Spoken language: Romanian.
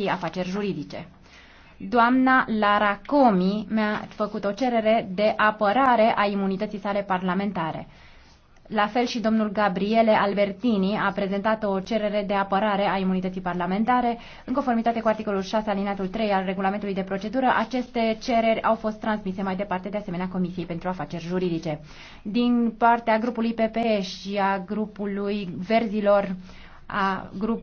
și afaceri juridice. Doamna Lara Comi mi-a făcut o cerere de apărare a imunității sale parlamentare. La fel și domnul Gabriele Albertini a prezentat o cerere de apărare a imunității parlamentare. În conformitate cu articolul 6 alineatul 3 al regulamentului de procedură, aceste cereri au fost transmise mai departe de asemenea Comisiei pentru Afaceri Juridice. Din partea grupului PPE și a grupului Verzilor, a grup